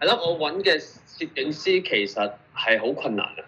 係咯，我揾嘅攝影師其實係好困難啊。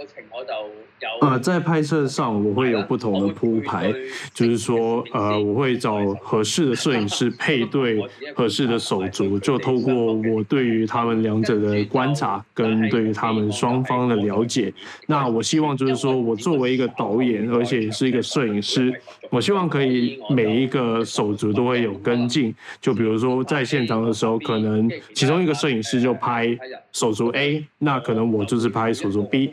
我就有。啊、呃，在拍攝上，我會有不同的鋪排，就是說，呃，我會找合適的攝影師配對合適的手足，就透過我對於他們兩者的觀察跟對於他們雙方的了解。那我希望就是說我作為一個導演，而且也是一個攝影師，我希望可以每一個手足都會有跟進。就比如說在現場的時候，可能其中一個攝影師就拍手足 A，那可能我就是拍手足 B。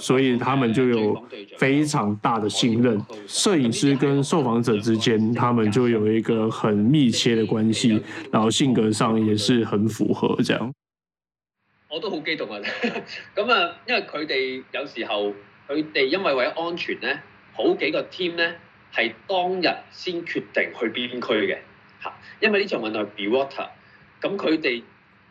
所以他們就有非常大的信任，攝影師跟受訪者之間，他們就有一個很密切的關係，然後性格上也是很符合，這樣我都好激動啊！咁 啊、嗯，因為佢哋有時候，佢哋因為為咗安全咧，好幾個 team 咧係當日先決定去邊區嘅吓，因為呢場運動係 be water，咁佢哋。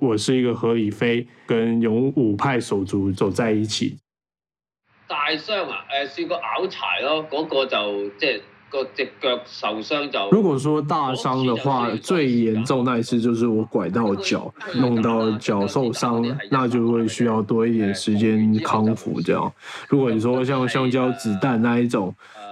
我是一個何以飛跟勇武派手足走在一起。大傷啊，誒試過拗柴咯，嗰個就即係個隻腳受傷就。如果說大傷的話，嗯、最嚴重的那一次就是我拐到腳，如果弄到腳受傷，嗯、那就會需要多一點時間康復。這樣，嗯、如果你說像香蕉子彈那一種。嗯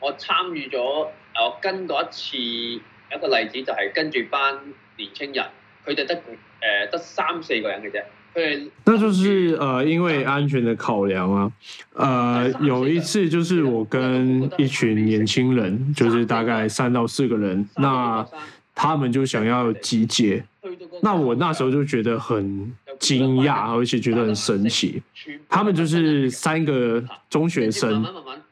我參與咗，我跟過一次一個例子，就係、是、跟住班年輕人，佢哋得得三四個人嘅啫。佢哋，那就是誒、呃、因為安全的考量啊，誒、呃、有一次就是我跟一群年輕人，就是大概三到四個人，那他們就想要集結，那我那時候就覺得很驚訝，而且覺得很神奇，他們就是三個中學生。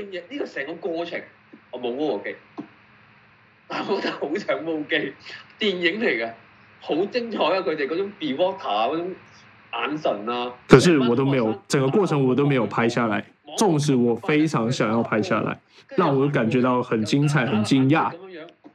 呢個成個過程，我冇摸機，但我覺得好想摸機。電影嚟嘅，好精彩啊！佢哋嗰種 be water 嗰種眼神啊。可是我都沒有，這整個過程我都沒有拍下來。縱使我非常想要拍下來，讓我感覺到很精彩、很驚訝。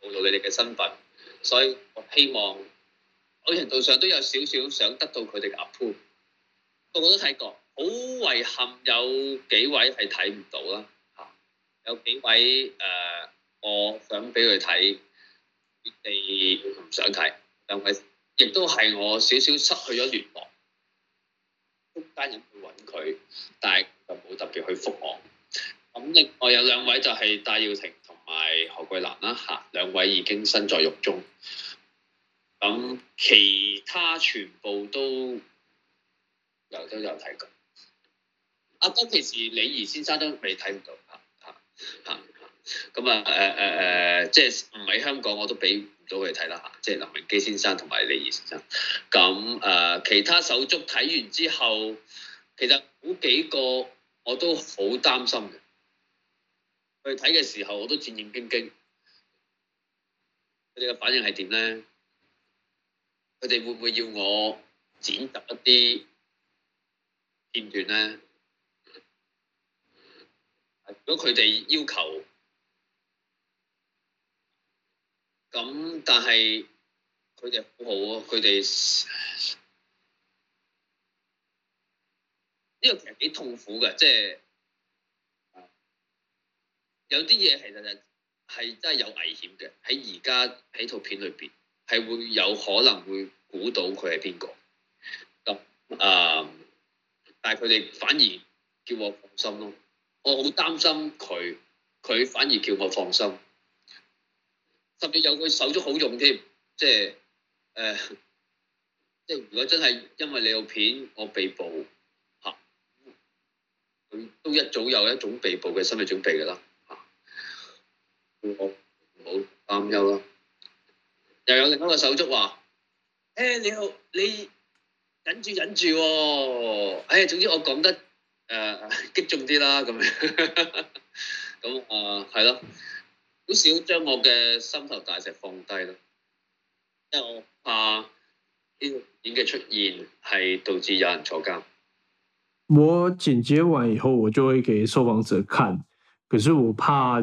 暴露，露你哋嘅身份，所以我希望，某程度上都有少少想得到佢哋嘅 approve。個個都睇過，好遺憾，有幾位係睇唔到啦，吓，有幾位誒、呃，我想俾佢睇，佢哋唔想睇。兩位亦都係我少少失去咗聯絡，中間人去揾佢，但係就冇特別去覆我。咁另外有兩位就係戴耀廷，埋何桂蘭啦，吓，兩位已經身在獄中。咁其他全部都有都有睇過。阿、啊、哥，其實李怡先生都未睇到嚇嚇嚇。咁啊誒誒誒，即係唔喺香港，我都俾唔到佢睇啦吓，即係林榮基先生同埋李怡先生。咁誒、啊，其他手足睇完之後，其實好幾個我都好擔心嘅。去睇嘅時候，我都戰戰兢兢。佢哋嘅反應係點咧？佢哋會唔會要我剪輯一啲片段咧？如果佢哋要求咁，但係佢哋好好啊！佢哋呢個其實幾痛苦嘅，即係。有啲嘢其實係真係有危險嘅，喺而家喺套片裏邊係會有可能會估到佢係邊個咁啊！Um, 但係佢哋反而叫我放心咯，我好擔心佢，佢反而叫我放心，甚至有個手足好用添，即係誒、呃，即係如果真係因為你套片我被捕嚇，咁、啊、都一早有一種被捕嘅心理準備㗎喇。冇擔憂咯，又有另一個手足話，誒，你好，你忍住，忍住喎。誒，總之我講得誒，激中啲啦，咁樣，咁啊，係咯，好少將我嘅心頭大石放低咯，因為我怕呢個演技出現係導致有人坐監。我剪接完以後，我就會給受訪者看，可是我怕。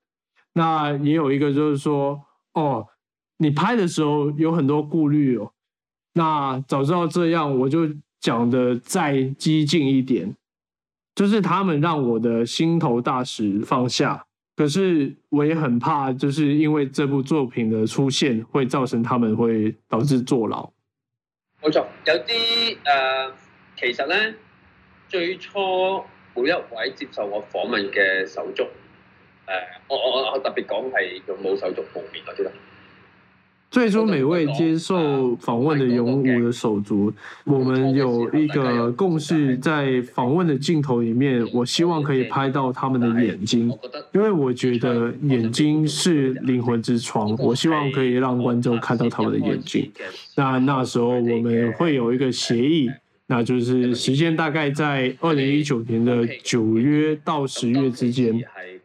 那也有一個就是說，哦，你拍的時候有很多顧慮哦。那早知道這樣，我就講得再激進一點。就是他們讓我的心頭大石放下，可是我也很怕，就是因為這部作品的出現，會造成他們會導致坐牢。冇錯，有啲誒、呃，其實咧，最初每一位接受我訪問嘅手足。啊、我我我特別講係勇武手足方面嗰啲，最初每位接受訪問的勇武的手足，嗯、我們有一個共識，在訪問的鏡頭裏面，我希望可以拍到他們的眼睛，因為我覺得眼睛是靈魂之窗，我希望可以讓觀眾看到他們的眼睛。那那時候我們會有一個協議，那就是時間大概在二零一九年的九月到十月之間。